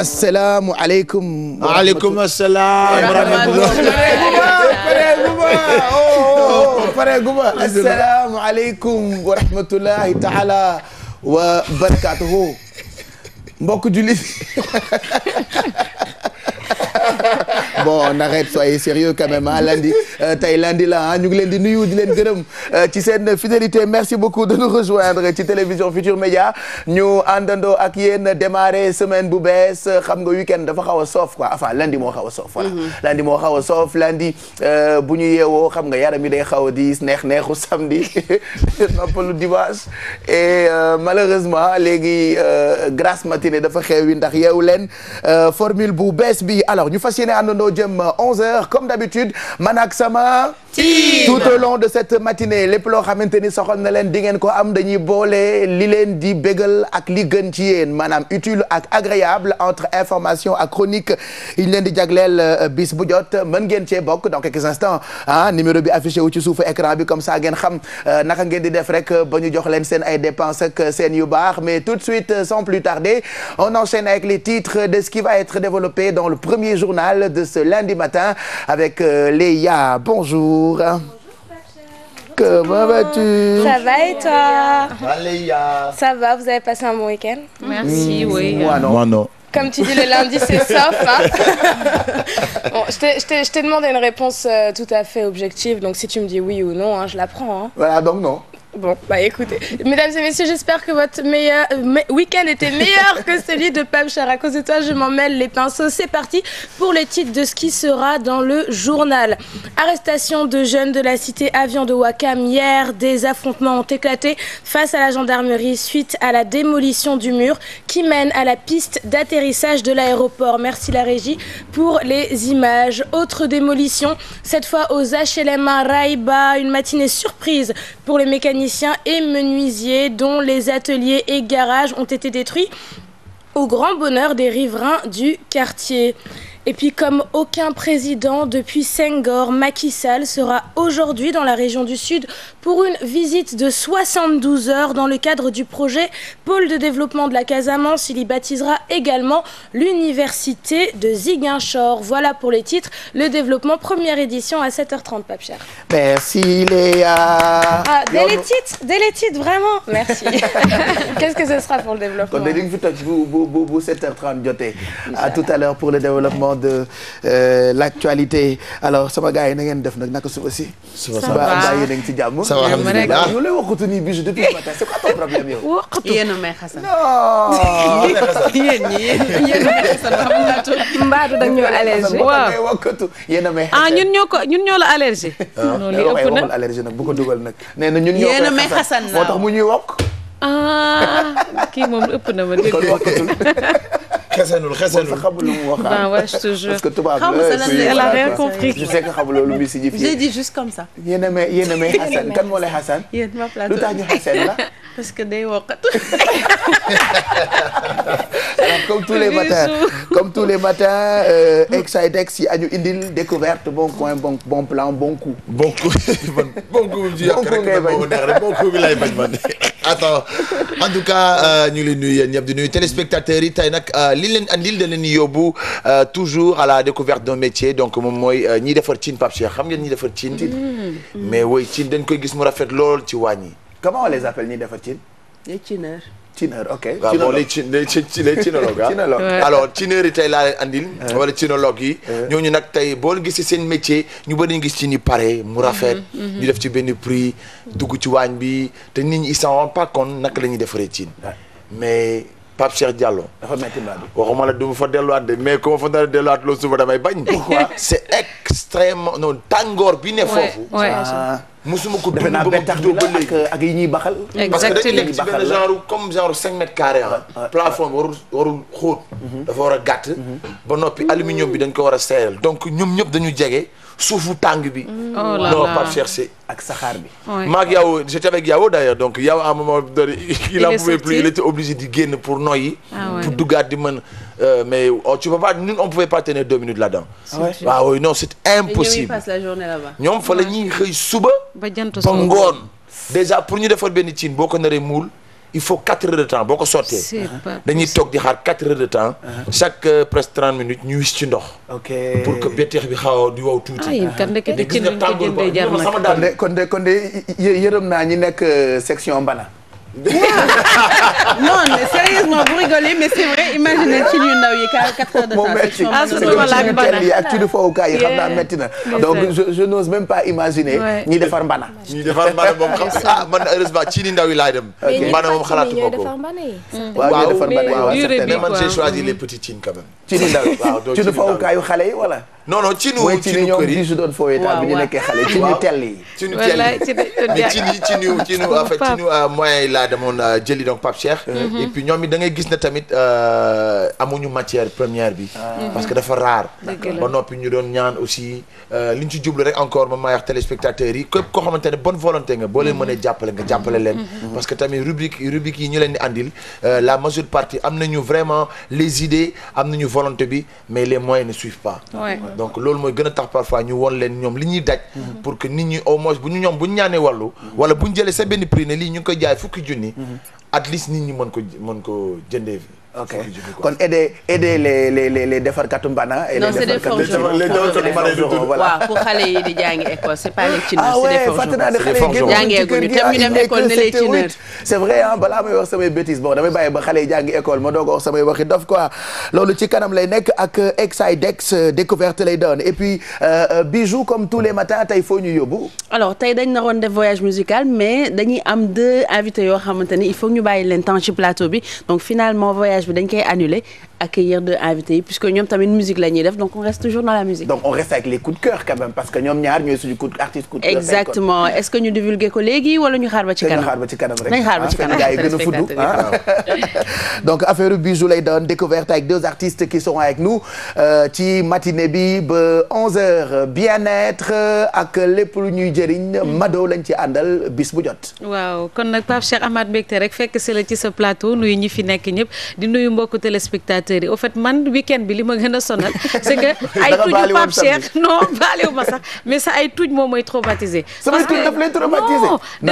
asalaamualeykum. waaleykum salaam. wa rahmatulah pareeguma asalaamualeykum wa rahmatulahi taala wa barakaatuhu mbokk jullit bon on arrête soyez sérieux quand même ah lundi euh, tey lundi la ah ñu ngi leen di nuyu di leen gërëm euh, ci seen fidélité merci beaucoup de nous rejoindre ci télévision Futur Média ñu àndandoo ak yéen démarrer semaine bu bees xam nga week-end dafa xaw a soof quoi enfin lundi moo xaw a soof voilà mhm. moo xaw a soof lundi euh, bu ñu yeewoo xam nga yaram yi day xaw a diis neex neexu samedi noppalu dimanche et malheureusement léegi grasse matinée dafa xew yi ndax yeewu leen formule bu bees bi alors ñu fas yéene Info jëm 11h comme d'habitude man sama. tout au long de cette matinée lépp loo xamante ni soxal na leen di ngeen ko am dañuy boole li leen di bégal ak li gën ci yéen maanaam utile ak agréable entre information ak chronique yi ñu leen di jagleel euh, bis bu jot mën ngeen cee bokk dans quelques instants ah numéro bi affiché wu ci suufu écran bi comme ça ngeen xam euh, naka ngeen di def rek euh, ba ñu leen seen ay dépenses seen yu baax mais tout de suite sans plus tarder on enchaîne avec les titres de ce qui va être développé dans le premier journal de ce lundi matin avec euh, Léa. Bonjour. Bonjour Comment vas-tu? Ça va et toi? Valéa. Ça va, vous avez passé un bon week-end? Merci, mmh, oui. Moi non. Moi non. Comme tu dis, le lundi, c'est soft. Hein bon, je t'ai demandé une réponse euh, tout à fait objective, donc si tu me dis oui ou non, hein, je la prends. Hein. Voilà, donc non. Bon, bah écoutez, mesdames et messieurs, j'espère que votre meilleur euh, me week-end était meilleur que celui de Pam Char. À cause de toi, je m'en mêle les pinceaux. C'est parti pour les titres de ce qui sera dans le journal. Arrestation de jeunes de la cité Avion de Wakam hier. Des affrontements ont éclaté face à la gendarmerie suite à la démolition du mur qui mène à la piste d'atterrissage de l'aéroport. Merci la régie pour les images. Autre démolition, cette fois aux HLM à Une mécaniciens et menuisiers dont les ateliers et garages ont été détruits au grand bonheur des riverains du quartier. Et puis comme aucun président depuis Senghor, Macky Sall la région du Sud pour une visite de 72 heures dans le cadre projet Pôle de développement la Casamance. Il y baptisera également l'université de Ziguinchor. Voilà pour les titres. Le développement ah, le développement? Kon dañu fi toj bu bu bu 7h30 jotee. À également de euh, l' actualité alors sama gars yi na ngeen def nag naka suba si. suba ça va mbaa yéen a ngi ci jàmm. ça va alhamdulilah ñu lay waxatu nii Bijou depuis ce matin c' est quoi ton problème yow. waxatu yéen a may xasan. non ah, yéen ñi yéen a may xasan xam naa tuuti. mbaadu da ñoo allergie waaw waxatu yéen a may xasan. ah ñun ñoo ko ñun ñoo la allergie. Ah. non li ëpp na allergie nag bu ko dugal nag. nee na ñun ñoo koy xasan moo tax mu ñuy wokk. ah kii moom ëpp na ma dégg xesanul xesanul xamul lu mu waxaat. ben ouais je te jure parce que tubaab la elle a rien je sais a may yéen a may Xasan kan moo lay lu tax ñu Xasan la. parce que day wokkatu. alors comme tous les matins comme tous les matins Excidex yi añu indil découverte bon coin bon bon plan bon coup. bon coup bon coup bi mu ji yàq rek bon coup bi lay bañ man. attends en tout cas euh, ñu ngi leen nuyu yéen ñëpp di nuyu téléspectateurs yi tey nag euh, li leen andil da leen yóbbu euh, toujours à la découverte d'un métier donc moom mooy ñiy defar cin Pape Cheikh xam ngeen ñiy defar cin mm. mais woy cin dañ koy gis mu rafet lool ci wàññi. comment on les appelle ñiy defar cin. les cineurs. Thineur ok waaw ah, bon les ci les ci les chinologues alors Thineur yi tey laa leen andil. wala chinologue yi. ñooñu nag tey boo gisee seen métier ñu bëri ñu gis ci ni pare mu mhm, rafet. Mhm. ñu def ci benn prix dugg ci waañ bi te nit ñi ils s'en rendent pas compte naka la ñuy defaree cin mais. Pape Cheikh Diallo. dafa métti mbaa bi waxuma la du ma fa delluwaat de mais ku ma fa dara delluwaat loolu suba damay bañ. c'est extrêmement tàngoor bi ne foofu. Ah. musuma ko dund ba mu tuddoo ba léegi ak yi ñuy baxal. exactement parce que dañu nekk ci benn genre comme genre cinq mètres carrés ah. plafond warul warul xóot. Mhm. dafa war a gàtt. Mhm. ba noppi aluminium bi dañ ko war a seeral donc ñoom ñëpp dañu jege. suufu tàng bi. oh là non Pape ak saxaar bi. maag yow j'étais avec Yawo d'ailleurs donc yow à un moment donné. il en pouvait plus il était obligé di génn pour noyyi. Ah pour di mën euh, mais oh, tu peux pas ñun on pouvait pas tenir deux minutes là ah ah non c'est impossible. ñoom passe la journée là-bas. ñoom fa la ñuy xëy suba. ba jant ba ngoon déjà pour ñu defar benn cin boo ko naree muul. il faut quatre heures de temps boo ko sottee. dañuy toog di xaar quatre de temps. Uh-huh. chaque euh, presque trente minutes ñu wis ci ndox. ok pour que betteex bi xaw a di wow tuuti. ay ah, kan de ci ko sama kon de kon de yërëm naa ñi nekk euh, section bana non mais sérieusement vous rigolez mais c'est vrai imaginez ci ñu ndaw yi ka quatre heures de temps. ah su ma laaj mbana yi ak tudd fowukaay yi xam naa métti na. donc je je n'ose même pas imaginer. ñi defar mbana. ñi defar mbana moom xam ah man heureusement ci ni ndaw yi laay dem. mbana moom xalaatu ko ko. Mm. waaw defar mbana yi waaw man j'ai choisi mm. les petites cines quand même. ci ni ndaw yi waaw tudd fowukaay yu xale yi wala. non non cinu mooy cinu kër yi su doon foowee taal ñu nekkee xale cinu tell yi cinu tell yi cini cinu cinu en fait laa demoon euh, jëli donc Pape Cheikh mhm. et ñoom yi da ngay gis ne tamit euh, amuñu matière première bi ah. mhm. parce que dafa raar ba noppi ñu doon ñaan aussi euh, li ñu ci jublu rek encore ma may wax téléspectateurs yi képp koo xamante ne bonne volonté nga boo leen mhm. mënee jàppale nga jàppale leen parce que tamit rubrique rubrique yi ñu leen di andil la majeure partie am nañu vraiment les idées am na ñu volonté bi mais les moyens ne suivent pas donc loolu mooy gën a tax parfois ñu won leen ñoom li ñuy daj mhm. pour que nit ñi au moins bu ñu ñoom bu ñu ñaanee wàllu mhm. wala bu ñu jëlee sa benn prix ne lii ñu ngi koy jaay fukki junni mhm. at least nit ñi mën ko mën ko jëndee fi ok kon aider aider les les les les defarkatu mbana. et non c'est des forgerons les forgerons voilà. waaw pour xale yi di jàngi école c'est pas les chineurs ah c'est des forgerons ah ouais fàttali naa ne xale yi génn ci kër gi dem ah, école ne les chineurs. c'est vrai ah balaa may wax samay bêtises bon damay bàyyi ba xale yi jàngi école ma doog a wax samay waxi dof quoi loolu ci kanam lay nekk ak euh, Exidex euh, découverte lay doon et puis euh, bijou comme tous les matins tey foo ñu yóbbu. alors tey dañ naroon def voyage musical mais dañuy am deux invités yoo xamante ni il faut ñu bàyyi leen temps ci plateau bi donc finalement voyage. mariage bi dañ koy annulé accueillir deux invités yi puisque ñoom tamit la on reste toujours dans la musique. donc on reste avec les coups de cœur quand parce que ñoom ñaar ñooy suñu exactement est ce que ñu divulguer ko léegi wala ñu xaar ba ci ah, a fuddu ah. donc découverte avec deux artistes qui seront avec nous euh, ci matinée bi ba 11 bien-être euh, ak lépp lu ñuy jëriñ Mado lañ ci àndal bis bu jot. waaw kon nag Pape Ahmad Mbégte rek fekk si la ci sa plateau nuyu ñi fi nekk ñëpp di nuyu mbokku téléspectateurs acteurs yi au fait man weekend bi li ma gën a sonal c'est que ay tuju Pape Cheikh non baaliwu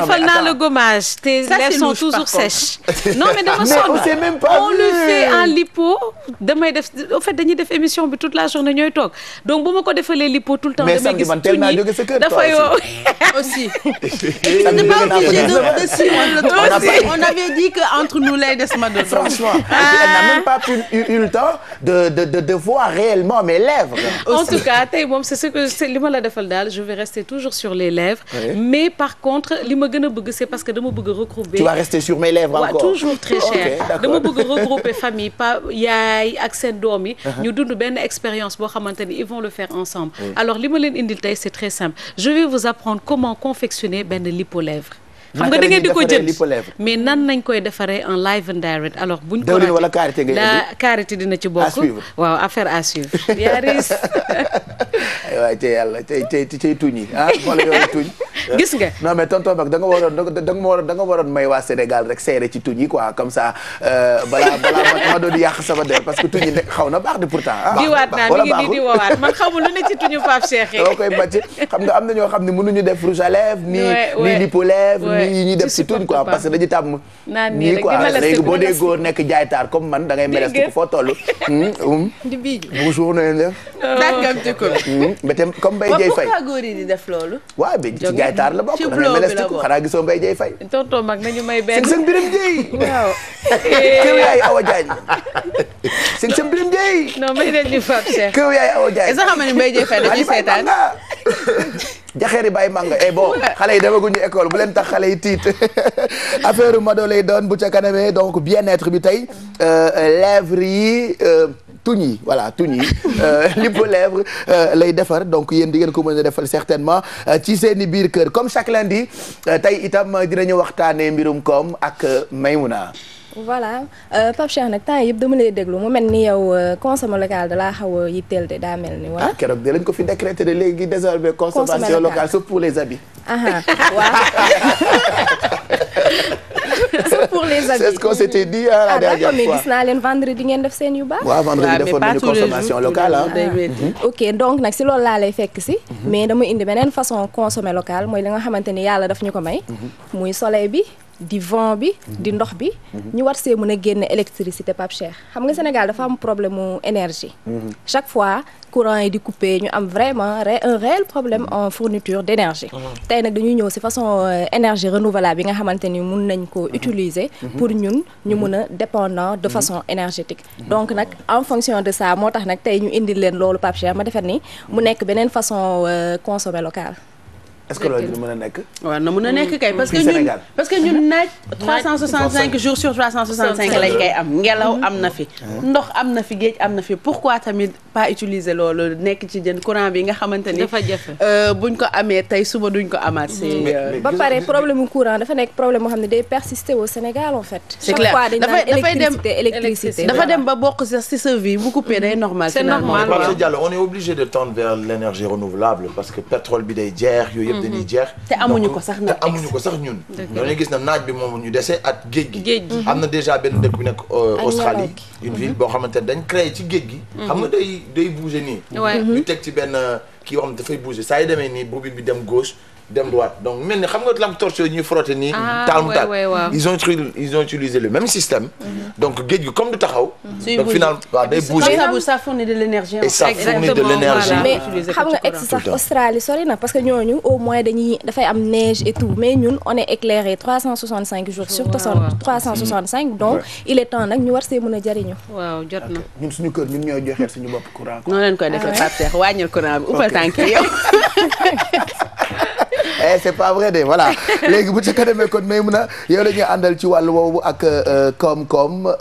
defal naa le gommage tes lèvres sont toujours sèches non mais dama sonn on le fait en lipo damay def émission bi toute la journée ñooy toog donc bu ma ko defalee lipo tout le temps damay gis tuñ yi dafa yoo aussi on n'est pas obligé de suivre le on avait dit que entre nous lay des ma doon franchement ah. eu le temps de de de de voir réellement mes lèvres. en tout cas tey moom c'est ce que c'est li ma la defal daal je vais rester toujours sur les lèvres. mais par contre li ma gën a bëgg c'est parce que dama bëgg a regrouper. tu vas rester sur mes lèvres encore waaw toujours très cher. dama bëgg a regrouper famille pa yaay ak seen doom yi. Uh-huh. ñu dund benn expérience boo xamante ni ils vont le faire ensemble. alors li ma leen indil tey c'est très simple je vais vous apprendre comment confectionner benn lipolèvre. xam nga da ngeen di ko jënd mais nan nañ koy defaree en live and direct alors buñ ko dawlin wala karité ngay indi karité dina ci bokk waaw affaire à suivre yaa riis ay waay tey yàlla tey tey tey tuñ yi ah wala yow tuñ gis nga non mais tonton Mag da nga waroon da nga waroon da nga waroon may waa Sénégal rek seere ci tuñ yi quoi comme ça euh, balaa ma doon yàq sama der parce que tuñ yi nekk xaw na baax de pourtant ah diwaat naa mi ngi nii di woowaat man xamul lu ne ci tuñu Pape Cheikh yi doo koy bàcc xam nga am na ñoo xam ne mënuñu def rouge à lèvres ni lipo lèvres yi ñuy def si tuñ quoi parce que dañu tàmm nii quoi léegi boo dee góor nekk jaaytaar comme man da ngay meles ko foo toll hmm, hmm. di bii bonjour na ngeen def dàkkamti ko mbetem comme Mbaye Dieye Faye waaw góor yi def loolu waaw bi ci jaaytaar la bokk da ngay meles ko xanaa gisoo Mbaye Dieye Faye tonton mag nañu may benn sëñ sëñ Biram Dieye waaw kër yaay eh. Awa Diagne sëñ sëñ Biram Dieye non may dañu fab Cheikh kër yaay Awa Diagne sax jaxeeri bay manga e bon xale yi demaguñu école bu leen tax xale yi tiit affaire mado lay doon bu ca kanamee donc bien-être bi tey euh, lèvres yi euh, tuñ yi voilà tuñ yi euh, lipo lèvre lay defar donc yéen di ngeen ko mën a defal certainement ci seeni biir kër comme chaque lundi tey itam dinañu waxtaanee mbirum koom ak Maymuna voilà euh, Pape Cheikh nag temps yëpp dama lay déglu mu mel ni yow euh, consommation locale da laa xaw a yitteel de daa mel ni wala. Ah, keroog de lañ ko fi décrété de léegi désormais consommation locale sauf pour les habits. c'est ah, ah, pour les habits c'est ce qu'on s'était dit hein, la dernière naa leen vendredi ngeen def seen yu baax. waaw vendredi defoon nañu consommation locale ah. ok si lool laa lay fekk si. mais dama indi beneen façon consommer local mooy li nga xamante ni yàlla daf ñu ko may. Mhm. muy soleil bi. di vent bi di ndox bi ñu war see mën a génn électricité Pape Cheikh xam nga Sénégal dafa am problème mu énergie mhm. chaque fois courant yi di coupé ñu am vraiment un réel problème en fourniture d' énergie mhm. tey nag dañuy ñëw si façon euh, énergie renouvelable bi nga xamante ni mun nañ ko mhm. utiliser pour ñun ñu mun a dépendant de façon énergétique donc nag en fonction de ça moo tax nag tey ñu indi leen loolu Pape ma defet ni mu nekk beneen façon euh, consommer local est-ce que loolu dina mën a nekk. waaw na mën a nekk kay parce que ñun parce que ñun naaj. 365 jours sur 365 lañ koy am. ngelaw am na fi. ndox am na fi géej am na fi pourquoi tamit pas utiliser loolu nekk ci jën courant bi nga xamante ni. dafa jafe euh, buñ ko amee tey suba duñ ko amaat. c'est euh, ba pare problème mu courant dafa nekk problème moo xam ne day persister au Sénégal en fait. c'est clair dafay dafay dem électricité dafa dem ba bokk sax si sa vie bu coupé day normal. c'est normal waaw Pape Diallo on est obligé de tendre vers l'énergie renouvelable parce que pétrole bi day jeex yooyu Mm-hmm. dañuy jeex te amuñu ko sax nag te amuñu ko sax ñun dañuy gis na naaj bi moom ñu dese ak géej gi mm-hmm. am na déjà benn dëkk bi nekk euh, Australie une mm-hmm. ville boo xamante ne dañ créé ci géej gi xam na day day bouger nii ñu teg ci benn euh, kii yoo xam ne dafay bouger saa yi demee nii bobine bi dem gauche dem droite donc mel ni xam nga lampe torche yooyu ñuy frotter nii. Ah, taal mu taal ils ont ils le même système. Mhm. donc géej gi comme du taxaw. Mhm. donc final waaw day bouger et mais xam nga ex sax Australie sori na parce que ñooñu au moins dañuy dafay am neige et tout mais ñun on est éclairé 365 jours sur 365 donc il est temps nag ñu war see mën a jariñu. waaw jot na ñun suñu kër ñun ñooy joxee suñu bopp courant. noonu leen koy defee ah Pape Cheikh wàññil courant bi uppal tànk eh c'est pas vrai de voilà léegi bu ca kanamee kon may mun a yow la ñuy àndal ci wàllu woowu ak euh, koom-koom